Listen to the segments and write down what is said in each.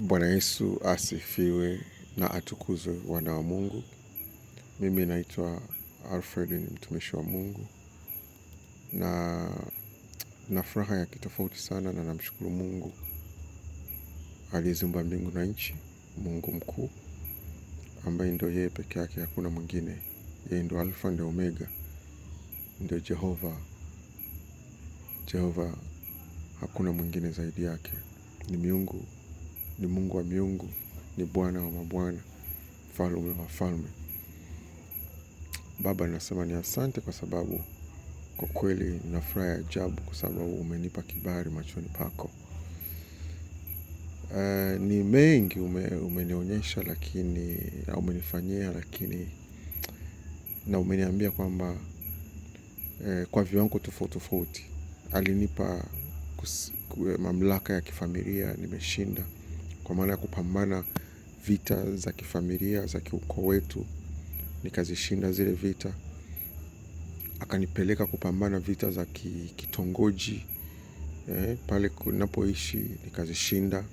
Bwana Yesu asifiwe na atukuzwe wana wa Mungu. Mimi naitwa Alfred, ni mtumishi wa Mungu na na furaha ya kitofauti sana, na namshukuru Mungu aliyeziumba mbingu na nchi, Mungu mkuu ambaye ndio yeye peke yake, hakuna mwingine. Yeye ndio Alfa, ndio Omega, ndio Jehova. Jehova hakuna mwingine zaidi yake, ni miungu ni Mungu wa miungu, ni Bwana wa mabwana, mfalme wa falme. Baba, nasema ni asante kwa sababu kwa kweli nafuraha furaha ya ajabu kwa sababu umenipa kibali machoni pako. Uh, ni mengi ume, umenionyesha lakini au umenifanyia lakini na umeniambia kwamba eh, kwa viwango tofauti tofauti alinipa kus, mamlaka ya kifamilia nimeshinda kwa maana ya kupambana vita za kifamilia za kiukoo wetu, nikazishinda zile vita. Akanipeleka kupambana vita za kitongoji eh, pale kunapoishi nikazishinda.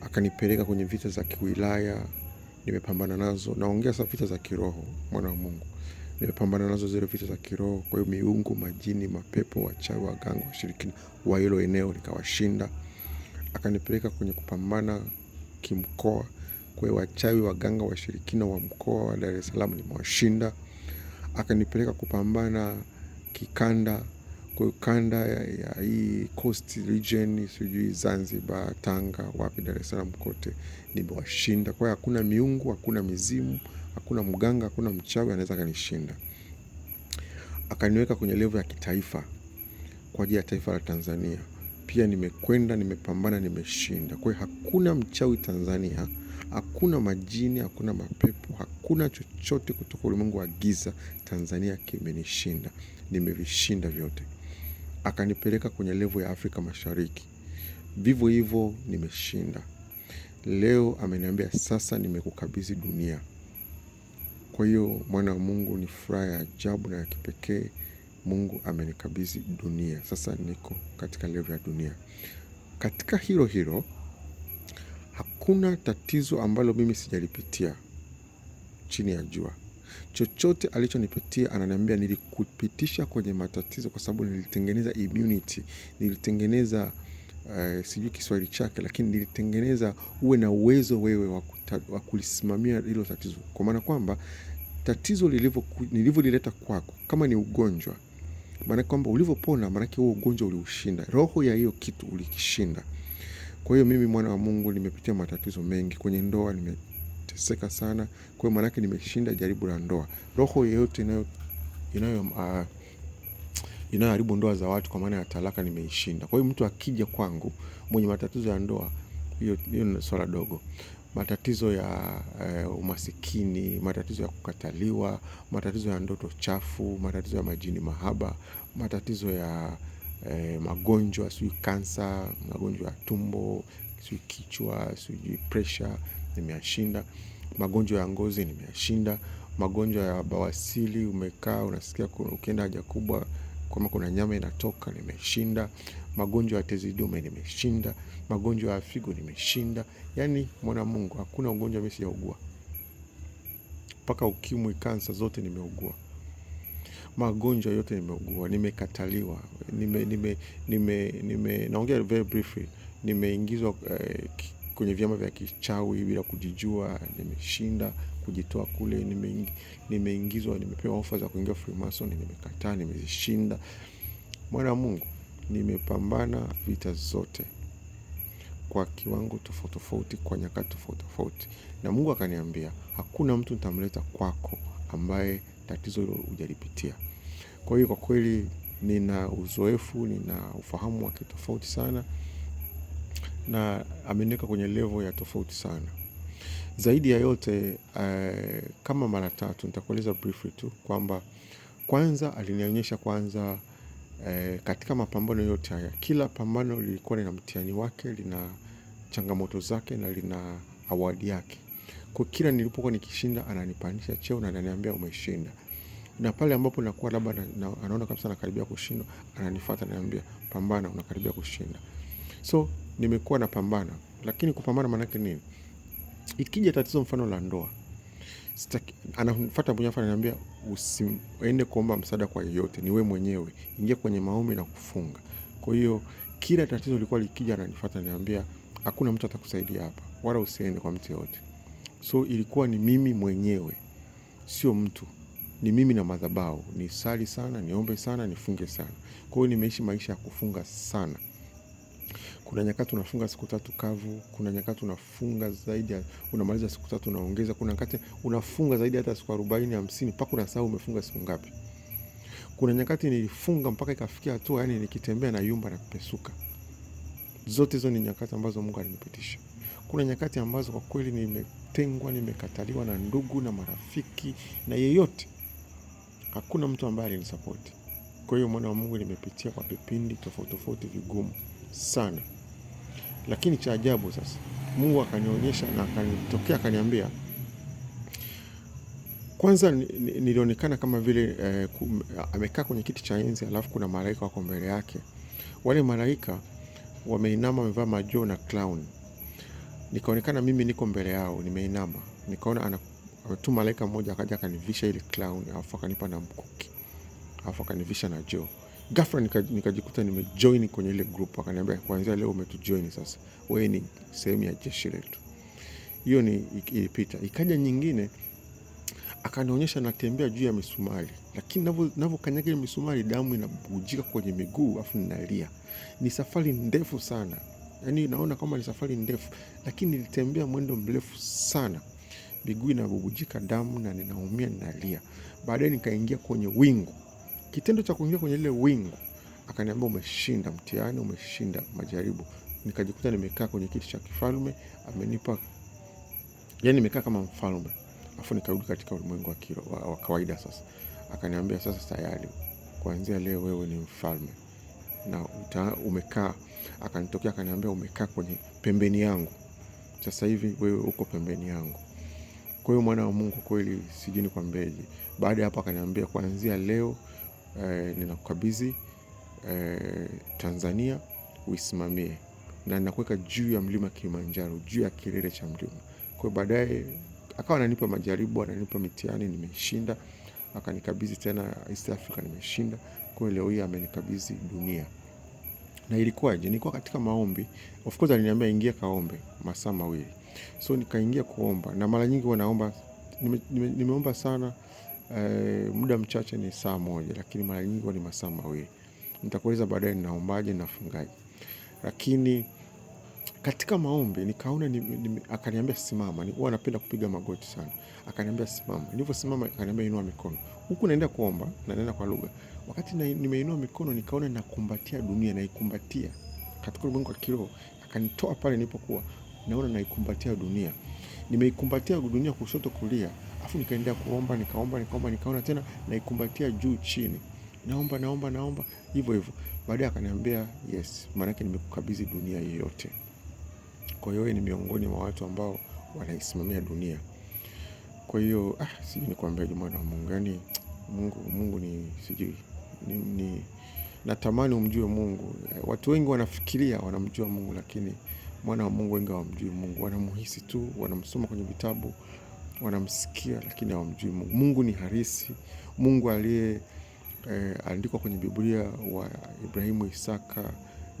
Akanipeleka kwenye vita za kiwilaya, nimepambana nazo. Naongea sasa vita za kiroho, mwana wa Mungu, nimepambana nazo zile vita za kiroho. Kwa hiyo miungu, majini, mapepo, wachawi, waganga, washirikina wa hilo eneo nikawashinda. Akanipeleka kwenye kupambana kimkoa. Kwa hiyo wachawi, waganga, washirikina wa mkoa wa Dar es Salaam nimewashinda. Akanipeleka kupambana kikanda, kwa hiyo kanda ya, hii coast region, sijui Zanzibar, Tanga, wapi, Dar es Salaam, kote nimewashinda. Kwa hiyo hakuna miungu, hakuna mizimu, hakuna mganga, hakuna mchawi anaweza akanishinda. Akaniweka kwenye levo ya kitaifa kwa ajili ya taifa la Tanzania pia nimekwenda, nimepambana, nimeshinda. Kwa hiyo hakuna mchawi Tanzania, hakuna majini, hakuna mapepo, hakuna chochote kutoka ulimwengu wa giza Tanzania kimenishinda. Nimevishinda vyote. Akanipeleka kwenye levo ya Afrika Mashariki, vivyo hivyo nimeshinda. Leo ameniambia sasa, nimekukabidhi dunia. Kwa hiyo mwana wa Mungu, ni furaha ya ajabu na ya kipekee. Mungu amenikabidhi dunia, sasa niko katika level ya dunia. Katika hilo hilo, hakuna tatizo ambalo mimi sijalipitia chini ya jua. Chochote alichonipitia ananiambia, nilikupitisha kwenye matatizo kwa sababu nilitengeneza immunity, nilitengeneza Uh, sijui Kiswahili chake lakini nilitengeneza uwe na uwezo wewe wa kulisimamia hilo tatizo, kwa maana kwamba tatizo nilivyolileta kwako, kama ni ugonjwa maanake kwamba ulivyopona, maanake huo ugonjwa uliushinda, roho ya hiyo kitu ulikishinda. Kwa hiyo mimi mwana wa Mungu nimepitia matatizo mengi kwenye ndoa, nimeteseka sana. Kwa hiyo maanake nimeshinda jaribu la ndoa. Roho yeyote inayo inayo uh, inayoharibu ndoa za watu kwa maana ya talaka nimeishinda. Kwa hiyo mtu akija kwangu mwenye matatizo ya ndoa, hiyo hiyo ni swala dogo matatizo ya eh, umasikini, matatizo ya kukataliwa, matatizo ya ndoto chafu, matatizo ya majini mahaba, matatizo ya eh, magonjwa sijui kansa, magonjwa ya tumbo sijui kichwa, sijui presha nimeyashinda, magonjwa ya ngozi nimeyashinda, magonjwa ya bawasili, umekaa unasikia ukienda haja kubwa kama kuna nyama inatoka nimeshinda magonjwa ya tezi dume nimeshinda, magonjwa ya figo nimeshinda. Yani mwana Mungu, hakuna ugonjwa mimi sijaugua, mpaka ukimwi, kansa zote nimeugua, magonjwa yote nimeugua, nimekataliwa, nime, nime, nime, nime naongea very briefly, nimeingizwa eh, kwenye vyama vya kichawi bila kujijua, nimeshinda kujitoa kule, nimeingizwa, nimepewa ofa za kuingia Freemason, nimekataa, nimezishinda. Mwana Mungu, nimepambana vita zote kwa kiwango tofauti tofauti, kwa nyakati tofauti tofauti, na Mungu akaniambia hakuna mtu nitamleta kwako ambaye tatizo hilo hujalipitia. Kwa hiyo kwa kweli nina uzoefu, nina ufahamu wa kitofauti sana, na ameniweka kwenye levo ya tofauti sana. Zaidi ya yote uh, kama mara tatu nitakueleza briefly tu kwamba kwanza alinionyesha kwanza E, katika mapambano yote haya, kila pambano lilikuwa lina mtihani wake, lina changamoto zake na lina awadi yake. Kwa kila nilipokuwa nikishinda, ananipandisha cheo na ananiambia umeshinda, na pale ambapo nakuwa labda na, na, anaona kabisa nakaribia kushindwa, ananifuata ananiambia, pambana, unakaribia kushinda. So nimekuwa napambana, lakini kupambana maanake nini? Ikija tatizo mfano la ndoa anafuata mwenyewe ananiambia usiende kuomba msaada kwa yeyote, ni wewe mwenyewe, ingia kwenye maombi na kufunga. Kwa hiyo kila tatizo lilikuwa likija, ananifuata ananiambia, hakuna mtu atakusaidia hapa, wala usiende kwa mtu yeyote. So ilikuwa ni mimi mwenyewe, sio mtu, ni mimi na madhabahu, sali sana, niombe sana, nifunge sana. Kwa hiyo nimeishi maisha ya kufunga sana. Kuna nyakati unafunga siku tatu kavu, kuna nyakati unafunga zaidi, unamaliza siku tatu unaongeza, kuna nyakati unafunga zaidi hata siku arobaini hamsini mpaka unasahau umefunga siku ngapi. Kuna nyakati nilifunga mpaka ikafikia hatua yani nikitembea na yumba na kupesuka. Zote hizo ni nyakati ambazo Mungu alinipitisha. Kuna nyakati ambazo kwa kweli nimetengwa, nimekataliwa na ndugu na marafiki na yeyote, hakuna mtu ambaye alinisapoti. Kwa hiyo mwana wa Mungu, nimepitia kwa vipindi tofauti tofauti vigumu sana. Lakini cha ajabu sasa, Mungu akanionyesha na akanitokea akaniambia, kwanza nilionekana kama vile eh, amekaa kwenye kiti cha enzi, alafu kuna malaika wako mbele yake. Wale malaika wameinama, wamevaa majoo na clown. Nikaonekana mimi niko mbele yao, nimeinama. Nikaona ana tu malaika mmoja akaja akanivisha ile clown, alafu akanipa na mkuki, alafu akanivisha na joo ghafla nikajikuta nika nimejoin kwenye ile group, akaniambia kuanzia leo umetujoin sasa, wewe ni sehemu ya jeshi letu. Hiyo ni ilipita. Ikaja nyingine akanionyesha natembea juu ya misumari, lakini navyokanyaga ile misumari damu inabujika kwenye miguu afu ninalia. Ni safari ndefu sana, yani naona kama ni safari ndefu, lakini nilitembea mwendo mrefu sana, miguu inabubujika damu na ninaumia, ninalia. Baadaye nikaingia kwenye wingu kitendo cha kuingia kwenye lile wingu, akaniambia umeshinda mtihani, umeshinda majaribu. Nikajikuta nimekaa kwenye kiti cha kifalme, amenipa yani, nimekaa kama mfalme, afu nikarudi katika ulimwengu wa, wa, wa kawaida. Sasa akaniambia sasa, tayari kuanzia leo wewe ni mfalme na uta, umekaa. Akanitokea akaniambia umekaa kwenye pembeni yangu, sasa hivi wewe uko pembeni yangu. Kwa hiyo mwana wa Mungu kweli, sijui nikwambeje. Baada ya hapo, akaniambia kuanzia leo Eh, ninakukabidhi eh, Tanzania uisimamie, na ninakuweka juu ya mlima Kilimanjaro, juu ya kilele cha mlima. Kwa baadaye akawa ananipa majaribu, ananipa mitihani, nimeshinda. Akanikabidhi tena East Africa, nimeshinda. Kwa leo hii amenikabidhi dunia. Na ilikuwaje? Nilikuwa katika maombi. Of course aliniambia ingia kaombe masaa mawili, so nikaingia kuomba, na mara nyingi huwa nime, nimeomba sana Eh, muda mchache ni saa moja, lakini mara nyingi ni masaa mawili. Nitakueleza baadaye ninaombaje nafungaje. Lakini katika maombi nikaona ni, ni, akaniambia simama. Huwa napenda kupiga magoti sana. Akaniambia simama. Nilivyosimama akaniambia inua mikono. Huku naenda kuomba na naenda kwa lugha. Wakati nimeinua mikono nikaona nakumbatia dunia, naikumbatia katika ulimwengu wa kiroho. Akanitoa pale nilipokuwa, naona naikumbatia dunia, nimeikumbatia dunia kushoto kulia. Alafu nikaendea kuomba, nikaomba, nikaomba, nikaona tena naikumbatia juu chini, naomba, naomba, naomba hivyo hivyo. Baadaye akaniambia yes, maanake nimekukabidhi dunia yote. Kwa hiyo ni miongoni mwa watu ambao wanaisimamia dunia. Kwa hiyo ah, sijui nikuambia jamani, wa Mungu yani Mungu, Mungu ni sijui ni, ni, natamani umjue Mungu. Watu wengi wanafikiria wanamjua Mungu, lakini mwana wa Mungu wengi hawamjui Mungu, wanamhisi tu, wanamsoma kwenye vitabu, wanamsikia lakini hawamjui Mungu. Mungu ni harisi, Mungu aliye eh, andikwa kwenye Biblia wa Ibrahimu, Isaka,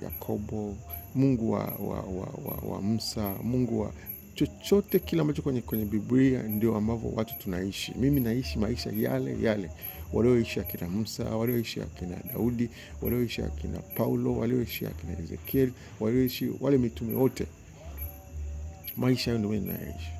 Yakobo, Mungu wa, wa, wa, wa, wa Musa, Mungu wa chochote kile ambacho kwenye, kwenye Biblia ndio ambavyo watu tunaishi. Mimi naishi maisha yale yale walioishi akina Musa, walioishi akina Daudi, walioishi akina Paulo, walioishi akina Ezekieli, walioishi wale mitume wote. Maisha hayo ndio mimi nayaishi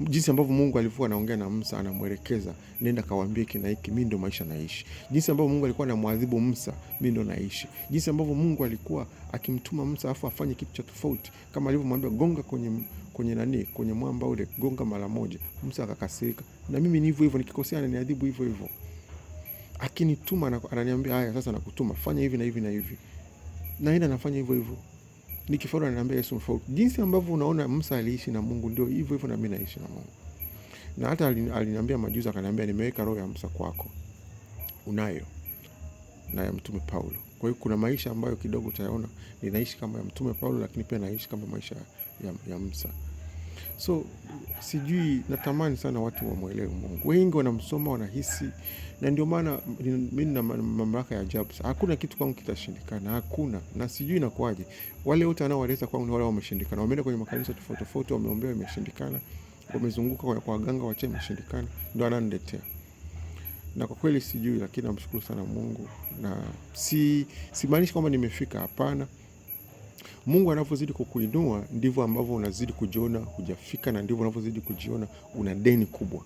jinsi ambavyo Mungu alikuwa anaongea na Musa, anamwelekeza nenda kawaambie kina hiki, mimi ndo maisha naishi. Jinsi ambavyo Mungu alikuwa anamwadhibu Musa, mimi ndo naishi. Jinsi ambavyo Mungu alikuwa akimtuma Musa afu afanye kitu cha tofauti, kama alivyomwambia gonga kwenye kwenye nani, kwenye mwamba ule, gonga mara moja. Musa akakasirika. Na mimi ni hivyo hivyo, nikikosea ananiadhibu hivyo hivyo, akinituma ananiambia haya, sasa nakutuma, fanya hivi na hivi na hivi, naenda nafanya hivyo hivyo nikifaulu ananiambia Yesu mfaulu. Jinsi ambavyo unaona Musa aliishi na Mungu, ndio hivyo hivyo na mimi naishi na Mungu. Na hata aliniambia majuzi, akaniambia nimeweka roho ya Musa kwako, unayo na ya mtume Paulo. Kwa hiyo kuna maisha ambayo kidogo utayaona ninaishi kama ya mtume Paulo, lakini pia naishi kama maisha ya, ya Musa. So sijui, natamani sana watu wamwelewe Mungu. Wengi wanamsoma wanahisi, na ndio maana mi na mamlaka ya ajabu. Hakuna kitu kwangu kitashindikana, hakuna. Na sijui inakuwaje, wale wote wanaowaleta kwangu ni wale wameshindikana, wameenda kwenye makanisa tofauti tofauti, wameombea, wameshindikana, wamezunguka kwa waganga wache, imeshindikana, ndo ananiletea na kwa kweli sijui, lakini namshukuru sana Mungu na si simaanishi kwamba nimefika, hapana. Mungu anavyozidi kukuinua ndivyo ambavyo unazidi kujiona hujafika, na ndivyo unavyozidi kujiona una deni kubwa.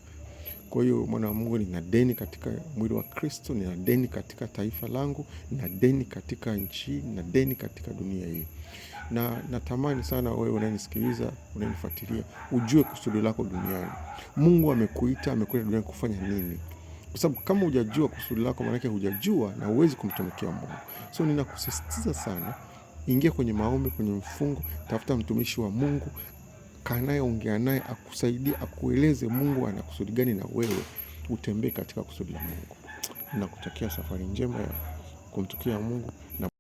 Kwa hiyo mwana wa Mungu, nina deni katika mwili wa Kristo, nina deni katika taifa langu, nina deni katika nchi, nina deni katika dunia hii, na natamani sana wewe unanisikiliza, unanifuatilia, ujue kusudi lako duniani. Mungu amekuita, amekuita duniani kufanya nini? Kwa sababu kama hujajua kusudi lako, maanake hujajua na huwezi kumtumikia Mungu. So ninakusisitiza sana ingia kwenye maombi, kwenye mfungo, tafuta mtumishi wa Mungu, kaa naye, ongea naye, akusaidie, akueleze Mungu ana kusudi gani na wewe, utembee katika kusudi la Mungu. Nakutakia safari njema ya kumtukia Mungu.